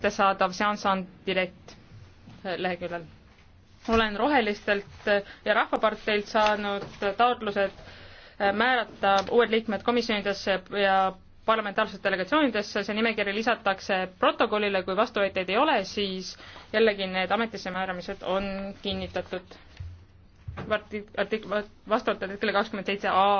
kättesaadav seansan direkt leheküljel. olen Rohelistelt ja Rahvaparteilt saanud taotlused äh, määrata uued liikmed komisjonidesse ja parlamentaarsetesse delegatsioonidesse, see nimekiri lisatakse protokollile, kui vastuväiteid ei ole, siis jällegi need ametisse määramised on kinnitatud. artik-, vastavalt artikli kakskümmend seitse A